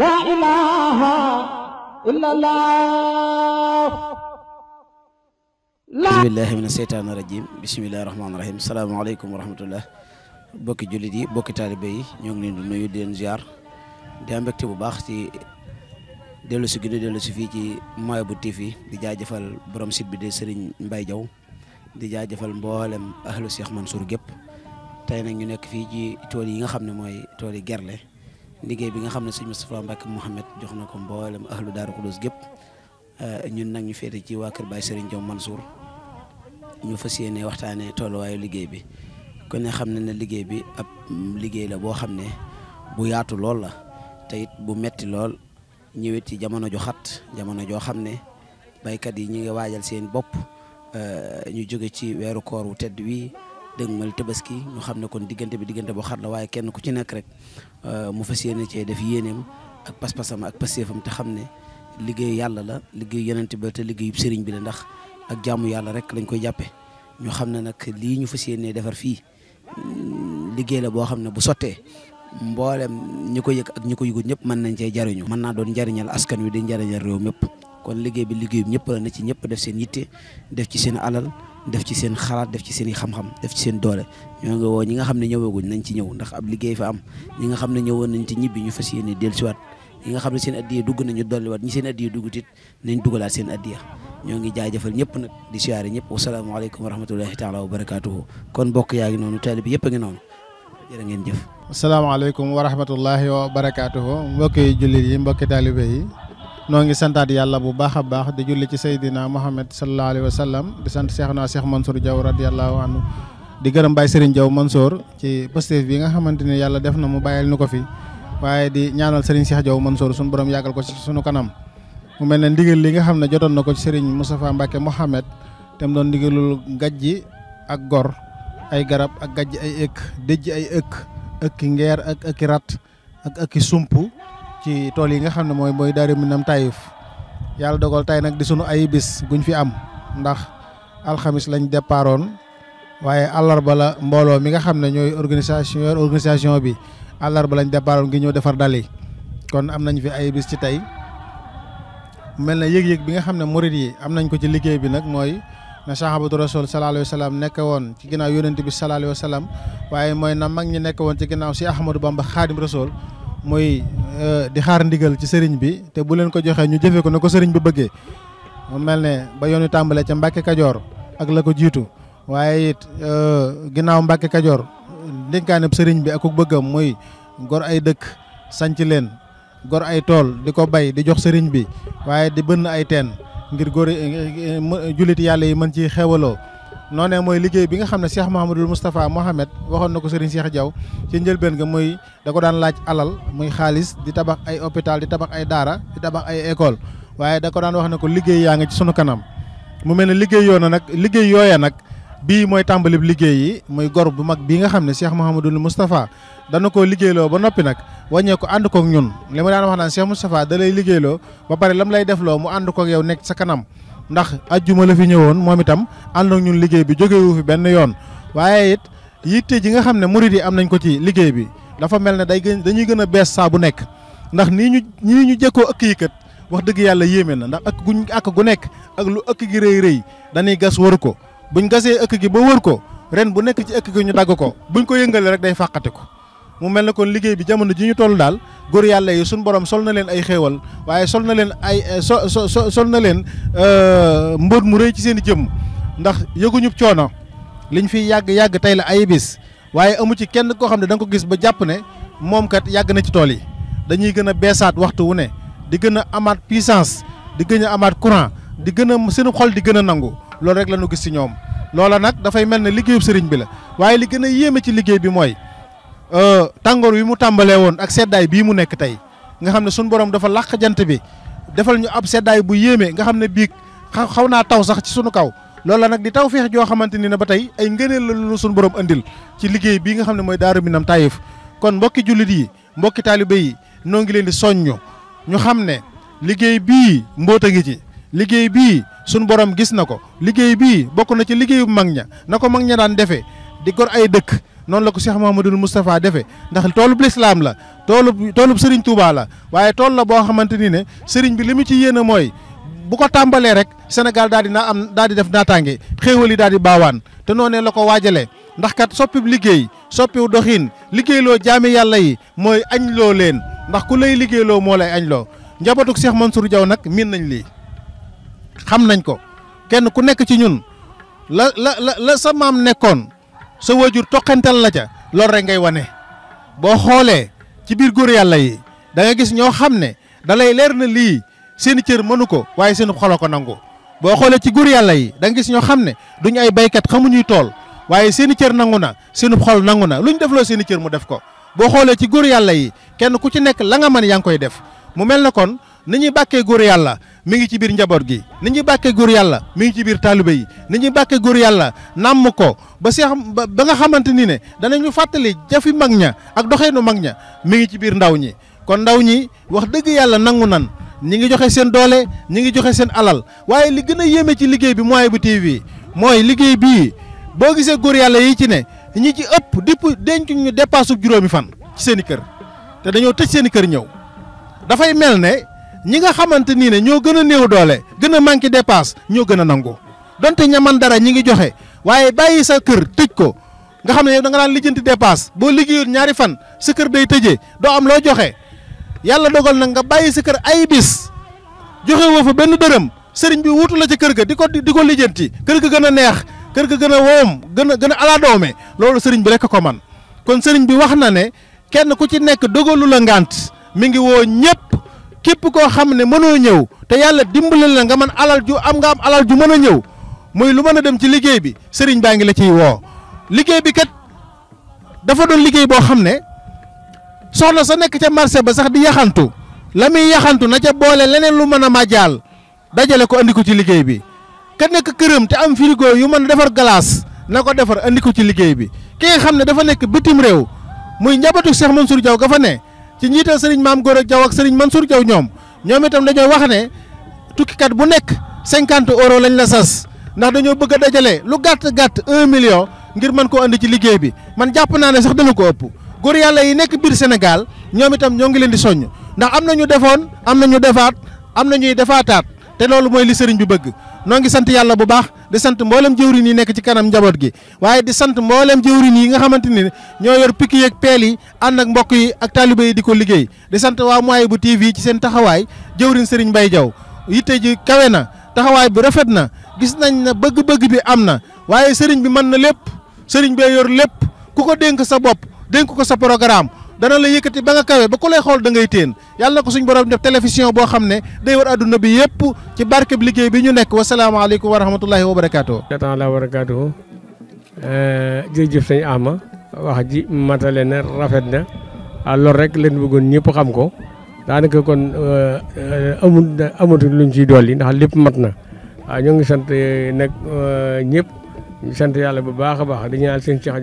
laa ilaaha illallaah bismillaahi mina seytaani rajiim bismillaahi rahmaani rahiim salaamaaleykum wa rahmatullah bokki jullit yi bokki taalibe ñoo ngi leen di nuyu di leen ziar bu baax ci dellu si ginu dellu si fii ci Mawahibou TV di jaajëfal borom site bi di Serigne Mbaye Diaw di jaajëfal mboolem ahlu Cheikh Mansour gépp tey nag ñu nekk fii ci tool yi nga xam ne mooy tool yi gerle liggéey bi nga xam ne sëñ Moustapha Mbacke Mouhamed jox na ko mboolem ahlu Daaru Xudoos gépp euh, ñun nag ñu féete ci waa kër Baye Serigne Diom Mansour ñu fas yéene waxtaanee tolluwaayu liggéey bi kon ne xam ne ne liggéey bi ab liggéey la boo xam ne bu yaatu lool la te it bu metti lool ñëwit ci jamono ju xat jamono joo xam ne baykat yi ñu ngi waajal seen bopp euh, ñu jóge ci weeru koor wu tedd wii dëgmal tabaski ñu xam ne kon diggante bi diggante boo xar la waaye kenn ku ci nekk rek euh, mu fas yéene cee def yéeneem ak pas-pasam ak pasteefam te xam ne liggéey yàlla la liggéey yonent bi te liggéeyub sëriñ bi la ndax ak jaamu yàlla rek lañ koy jàppe ñu xam ne nag lii ñu fas yéene defar fii mm, liggéey la boo xam ne bu sottee mbooleem ñu ko yëg ak ñu ko yëgul ñëpp mën nañ cee jariñu mën naa doon njariñal askan wi di njariñal réew mépp kon liggéey bi liggéey bi ñëpp la na ci ñëpp def seen yitte def ci seen alal def ci seen xalaat def ci seen i xam-xam def ci seen doole ñoo ngi woo ñi nga xam ne ñëwaguñ nañ ci ñëw ndax ab liggéey fa am ñi nga ñi nga xam ne seen addiya dugg nañu dolliwaat ñi seen addiya dugg nañ dugalaat seen addiya ñoo ngi jaajëfal ñëpp nag di siyaare ñëpp wa rahmatullahi taala wa barakaatuhu a wa barakaatuhu mbokki jullit yi mbokki taalibe noo ngi yalla bu baakha baax di julli ci sayidina Muhammad sallallahu alaihi wasallam di sant cheikhna Cheikh Mansour Diaw radiyallahu anhu di gërëm Baye Serigne Diaw Mansour ci positif bi nga xamanteni yalla def na mu bayal nuko fi waye di ñaanal Serigne Cheikh Diaw Mansour sun borom yagal ko ci sunu kanam mu melne ndigal li nga xamne ne nako ci Serigne mustapha mbake muhammad te don ndigalul gajji ak gor ay garab ak gajji ay ek dejji ay ek ak ngeer ak ak rat ak ak sumpu ci tool yi nga xam ne mooy mooy Daaru Minam Taïf yàlla dogal tey nag di sunu ay bis guñ fi am ndax alxamis lañ départoon waaye àllarba la mbooloo mi nga xam ne ñooy organisation yor organisation bi àllarba lañ départoon ngi ñëw defar dal yi kon am nañ fi ay bis ci tey mel na yëg-yëg bi nga xam ne murit yi am nañ ko ci liggéey bi nag mooy na sahabatu rasul sallallahu alayhi wa sallam nekk woon ci ginnaaw yonent bi sallallahu alayhi wa sallam waaye mooy na mag ñi nekk woon ci ginnaaw si Ahmadou Bamba xaadim rasul muy Eh, di xaar ndigal ci serigne bi te bu len ko joxe ñu jëfé ko nako serigne bi bëggé mo melne ne ba yoonu tambalé ci mbacké kadior ak la ko jitu waye it eh, ginaaw mbacké kadior ndénkaaneb serigne bi ak ko bëggam moy gor ay dëkk sanc leen gor ay tol di bay di jox serigne bi waye di bënn ay ten ngir gor eh, jullit yalla yi man ci noonee mooy liggéey bi nga xam ne Cheikh Mahamadul Moustapha Mohamed waxoon na ko Serigne Cheikh jaw ci njëlbeen nga muy da ko daan laaj alal muy xaalis di tabax ay hôpital di tabax ay daara di tabax ay école waaye da ko daan wax ne ko liggéey yaa ngi ci sunu kanam mu mel ne liggéey yoo na nag liggéey yooya nag bii mooy tàmbalib liggéey yi muy gor bu mag bii nga xam ne Cheikh Mahamadul Moustapha dana koo liggéeyloo ba noppi nag wàññee ko ànd kook ñun li ma daan wax naan Cheikh Moustapha da lay liggéeyloo ba pare lam lay defloo mu ànd kook yow nekk sa kanam ndax ajjuma la fi ñëwoon moom itam ànd ñun liggéey bi jógewu fi benn yoon waaye it yitte ji nga xam ne murit yi am nañ ko ci liggéey bi dafa mel ne day gën dañuy gën a bees saa bu nekk ndax nii ñu nii ñu jëkkoo ëkk yi kat wax dëgg yàlla yéeme na ndax ëkk guñ ak gu nekk ak lu ëkk gi rëy rëy dañuy gas wër ko buñ gasee ëkk gi ba wër ko ren bu nekk ci ëkk gi ñu dagg ko buñ ko yëngalee rek day fàqati ko mu mel ne kon liggéey bi jamono ji ñu toll daal góor yàlla yi suñu borom sol na leen ay xéewal waaye sol na leen ay eh, so so sol na leen euh, mbóot mu rëy ci seen i jëmm ndax yëguñu coono liñ fiy yàgg yàgg tey la ay bis waaye amu ci kenn koo xam ne da nga ko gis ba jàpp ne moom kat yàgg na ci tool yi dañuy gën a beesaat waxtu wu ne di gën a amaat puissance di gën a amaat courant di gën a seen xol di gën a nangu loolu rek la ñu gis ci ñoom loola nag dafay mel ne liggéeyub sëriñ bi la waaye li gën a yéeme ci liggéey bi mooy Euh, tàngoor wi mu tàmbalee woon ak seddaay bii mu nekk tey nga xam ne suñu borom dafa làq jant bi defal ñu ab seddaay bu yéeme nga xam ne biig xaw naa taw sax ci sunu kaw loolu nag di taw feex joo xamante ni ne ba tey ay ngëneel la lu suñu borom andil ci liggéey bii nga xam ne mooy Daaru Minam Taïf kon mbokki jullit yi mbokki taalibe yi noo ngi leen di soññu ñu xam ne liggéey bii mbóota ngi ci liggéey bii suñu borom gis na ko liggéey bii bokk na ci liggéeyu mag ña na ko mag ña daan defee di gor ay dëkk noonu la ko Cheikh Mouhamadoul Moustapha defee ndax toolub lislaam la toolub toolub sëriñ Touba la waaye tool la boo xamante ni ne sëriñ bi li mu ci yéene mooy bu ko tàmbalee rek Sénégal daal di naa am daal di def naataange xéewal yi daal di baawaan te noonee la ko waajalee ndax kat soppib liggéey soppiw doxiin liggéeyloo jaami yàlla yi mooy añ loo leen ndax ku lay liggéeyloo moo lay añ loo njabootuk Cheikh jaw Diaw nag miin nañ lii xam nañ ko kenn ku nekk ci ñun la la sa maam nekkoon sa waajur toqantal la ca loolu rek ngay wane boo xoolee ci biir góor yàlla yi da gis ñoo xam ne da lay leer na lii seeni cër mënu ko waaye seen xolo ko nangu boo xoolee ci góor yàlla yi da gis ñoo xam ne duñu ay baykat xamuñuy tool waaye seen cër nangu na seen xol nangu na lu ñu defloo seen cër mu def ko boo xoolee ci góor yàlla yi kenn ku ci nekk la nga mën yaa ngi koy def mu mel na kon ni ñuy bàkkee góor yàlla mi ngi ci biir njaboot gi ni ñuy bàkkee góor yàlla mi ngi ci biir taalibe yi ni ñuy bàkkee góor yàlla nàmm ko ba seex ba ba nga xamante ni ne danañu fàttali jafi mag ña ak doxeenu mag ña mi ngi ci biir ndaw ñi kon ndaw ñi wax dëgg yàlla nangu nan ñi ngi joxe seen doole ñi ngi joxe seen alal waaye li gën a yéeme ci liggéey bi mooy bu TV mooy liggéey bii boo gisee góor yàlla yi ci ne ñi ci ëpp dipp dencu ñu dépasse juróomi fan ci seen i kër te dañoo tëj seen i kër ñëw ñi nga xamante nii ne ñoo gën a néew doole gën a manqué dépasse ñoo gën a nangu donte ña man dara ñi ngi joxe waaye bàyyi sa kër tëj ko nga xam ne yow da nga daan lijjanti dépasse boo liggéeyul ñaari fan sa kër day tëjee doo am loo joxe yàlla dogal nag nga bàyyi sa kër ay bis joxe woo fa benn dërëm sëriñ bi wutu la ci kër gi di ko di ko lijjanti kër ga gën a neex kër ga gën a woom gën a gën a ala doome loolu sëriñ bi rek ko man kon sëriñ bi wax na ne kenn ku ci nekk dogalu la ngant mi ngi woo ñëpp Kipu ko xamne meuno ñew te yalla dimbal la nga man alal ju am nga am alal ju meuno ñew muy lu meuna dem ci liggey bi serigne bangi la ci wo liggey bi kat dafa doon liggey bo xamne soxna sa nek ci marché ba sax di yaxantu la yaxantu na ca boole leneen lu meuna ma màjjaal dajale ko andiku ci liggey bi ka nek kërëm te am frigo yu meuna defar glace na defar andiku ci liggey bi ki nga xamne dafa nek bitim rew muy njabatu Cheikh Mansour Diaw ga fa ne ci njiital sëriñ maam Gora Diaw ak sëriñ Mansour Diaw ñoom ñoom itam dañoo wax ne tukkikat bu nekk cinquante euro lañ la sas ndax dañoo bëgg a dajale lu gàtt gàtt un million ngir mën koo andi ci liggéey bi man jàpp naa ne sax dana ko ëpp góor yàlla yi nekk biir Sénégal ñoomitam ñoo ngi leen di soññ ndax am na ñu defoon am na ñu defaat am na ñuy defaataat te loolu mooy li sëriñ bi bëgg noo ngi sant yàlla bu baax di sant mboolem jëwrin yi nekk ci kanam njaboot gi waaye di sant mboolem jëwrin yi nga xamante ni ñoo yor piki yeeg peel yi ànd ak mbokk yi ak taalibe yi di ko liggéey di sant waa Mouwahibou TV ci seen taxawaay jëwrin sëriñ Mbaye jaw yitte ji kawe na taxawaay bi rafet na gis nañ na bëgg-bëgg bi am na waaye sëriñ bi mën na lépp sëriñ bee yor lépp ku ko dénk sa bopp dénk ko sa programme dana la yëkëti ba nga khol ba ku lay xol da ngay téen yalla na ko suñ borom def télévision bo xamné day war aduna bi yépp ci barké bi liggéey bi ñu nekk alaykum wa rahmatullahi wa barakaatu. wa barakaatu eh, jëf sëñ Ama wax ji matalé na rafet na ah, loolu rek leen bëggoon ñëpp xam ko daanaka kon eh, amul amu luñ ci doli ndax lepp matna. ñu ah, ñoo ngi sant eh, nag ñëpp sant yalla bu baaxa baax di ñaan seen Cheikh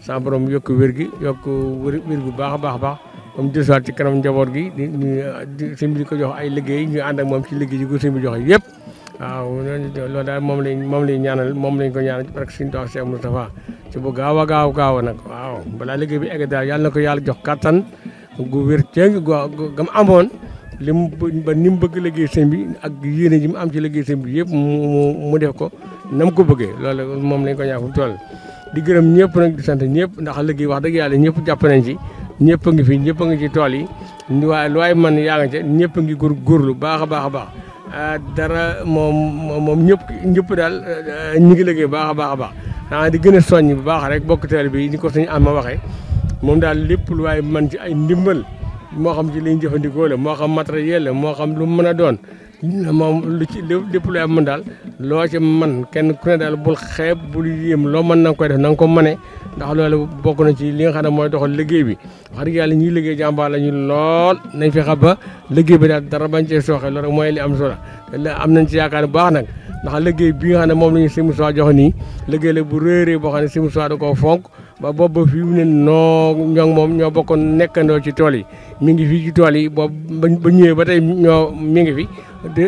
sama borom yokk wér gi yokk wir gu baax a baax a baax ba mu dellusiwaat ci kanam njaboot gi di di ko jox ay liggéey ñu ànd ak moom ci liggéey yi ko sëñ bi joxe yëpp. waaw loolu daal moom lañ moom lañ ñaanal moom lañ ko ñaanal ci barke Sëñ Tuubaa Cheikh Moustapha ci bu gaaw a gaaw gaaw nag waaw balaa liggéey bi egg daal na ko yàlla jox kattan gu wér ceeb gu gam amoon. li mu ba ni mu bëgg liggéey sëñ bi ak yéene ji mu am ci liggéey sëñ bi yëpp mu mu def ko na ko bëgge loolu moom lañ ko ñaan fu mu di gërëm ñëpp nag gi sant ñëpp ndax liggéey wax dëgg yàlla ñëpp jàpp nañ ci ñëpp ngi fi ñëpp a ngi ci tool yi waaye lu man yaa ngi ca ñëpp a ngi góor góorlu baax a baax a baax ah, dara moom moom ñëpp ñëpp daal ah, ñu ngi liggéey baax a baax a baax ah di gën a soññ bu baax rek bokk teel bi ni ko suñu am ma waxee moom daal lépp lu waay man ci ay ndimbal moo xam ci liñ jëfandikoo la moo xam matériel la moo xam lu mën a doon moom lu ci lépp lu am daal loo ci man kenn ku ne daal bul xeeb bul yéem lo mën na nga koy def na nga ko mëne ndax loolu bokk na ci li nga xam ne doxal liggéey bi wax dëgg yàlla ñuy liggéey jàmbaar la ñu lool nañ fexe ba liggéey bi daal dara bañ cee sooxe loolu mooy li am solo am nañ ci yaakaar bu baax nag ndax liggéey bi nga xam ne moom la ñu simusuwi joxe nii bu réerée boo xam ne simusuwi da koo fonk ba boobu ba fii mu ne noo ñoo moom ñoo bokkoon nekkandoo ci tool yi mi ngi fii ci tool yi boobu ba ñëwee ba tey ñoo mi ngi fi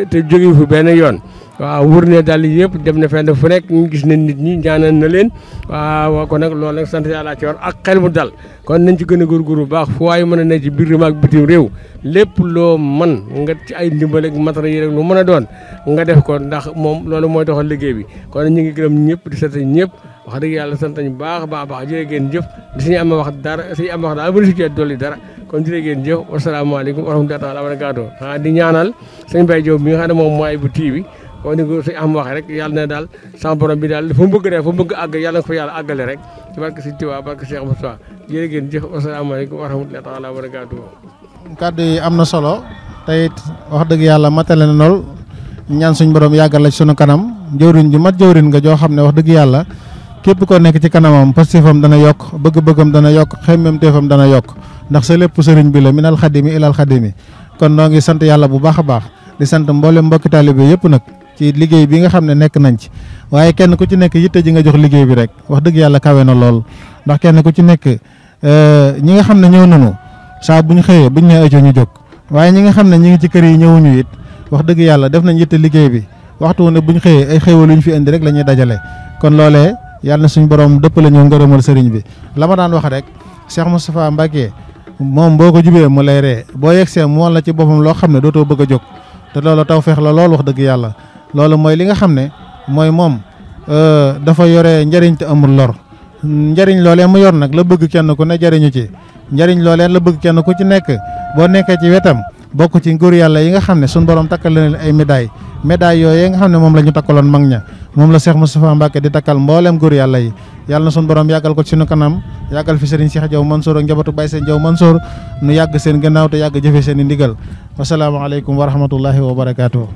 te jóge fu benn yoon. waaw wër ne daal yëpp dem na fenn fu nekk gis nañ nit ñi ñaanal na leen waaw ko nag loolu nag sant yàlla ci ak xel mu dal kon nañ ci gën a góorgóorlu bu baax fu waay mën a ne ci biir réew ak bitim réew lépp loo man nga ci ay ndimbal ak matériel ak lu mën a doon nga def ko ndax moom loolu mooy doxal liggéey bi kon ñu ngi gërëm ñëpp di sant ñëpp. wax deug yalla sant nañu baax baax baax jërë ngeen jëf di ñu am wax dara suñu am wax daal bu ci doli dara kon jërë ngeen jëf wa salaamu alaykum wa rahmatullahi wa barakaatu ah di ñaanal sëñ bay Diop mi nga xam ne moom mooy bu tv kon ni ko am wax rek yalla ne daal sama borom bi daal fu mu bëgg def fu mu bëgg ag yalla ko yalla agale rek ci barke si tiwa barke Cheikh Moussa jërë ngeen jëf wasalaamaaleykum wa rahmatullahi taala wa barakaatu kàddu yi am na solo tay it wax deug yalla matale na lool ñaan suñu borom yagal la ci sunu kanam jëwriñ ju mat jëwriñ nga jo xamne wax deug yalla képp koo nekk ci kanamam pastifam dana yokk bëgg-bëggam dana yokk xemmem teefam dana yokk ndax sa lépp sëriñ bi la minal xadimi ilal xadimi kon noo ngi sant yàlla bu baax a baax di sant mboolem mbokki taalibe yëpp nag ci liggéey bi nga xam ne nekk nañ ci waaye kenn ku ci nekk yitte ji nga jox liggéey bi rek wax dëgg yàlla kawe na lool ndax kenn ku ci nekk euh, ñi nga xam ne ñëw nañu saa bu ñu xëyee bu ñu nee ñu jóg waaye ñi nga xam ne ñi ngi ci kër yi ñëwuñu it wax dëgg yàlla def nañ yitte liggéey bi waxtu wu bu ñu xëyee ay xéewal yu fi indi rek la ñuy dajale yàlla na suñu borom dëppale ñu ngërëmal sëriñ bi la ma daan wax rek Cheikh Moustapha Mbacké moom boo ko jubee mu lay ree boo yegsee mu la ci boppam loo xam ne dootoo bëgg a jóg te loolu taw feex la lool wax dëgg yàlla loolu mooy li nga xam ne mooy moom euh, dafa yore njëriñ te amul lor njariñ loolee mu yor nag la bëgg kenn ku ne jariñu ci njëriñ loolee la bëgg kenn ku ci nekk boo nekkee ci wetam bokk ci nguur yàlla yi nga xam ne suñu borom takkal leen ay médailles médailles yooyu nga xam ne moom la ñu takkaloon mag ña moom la Cheikh Moustapha Mbacke di takkal mboolem góor yàlla yi yàlla na sunu borom yàggal ko ci nu kanam yàggal fi Serigne Cheikh Diaw Mansour ak njabootu Baye Seen Diaw Mansour nu yàgg seen gannaaw te yàgg jëfe seen i ndigal wasalaamaaleykum wa rahmatullahi wa barakaatu.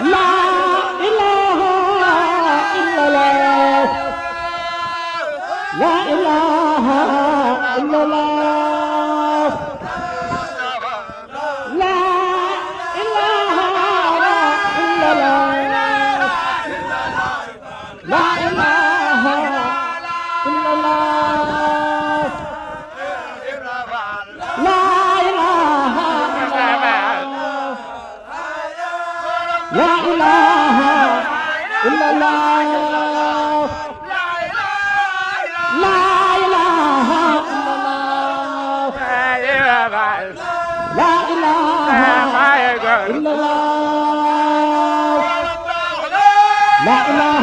la la ilaha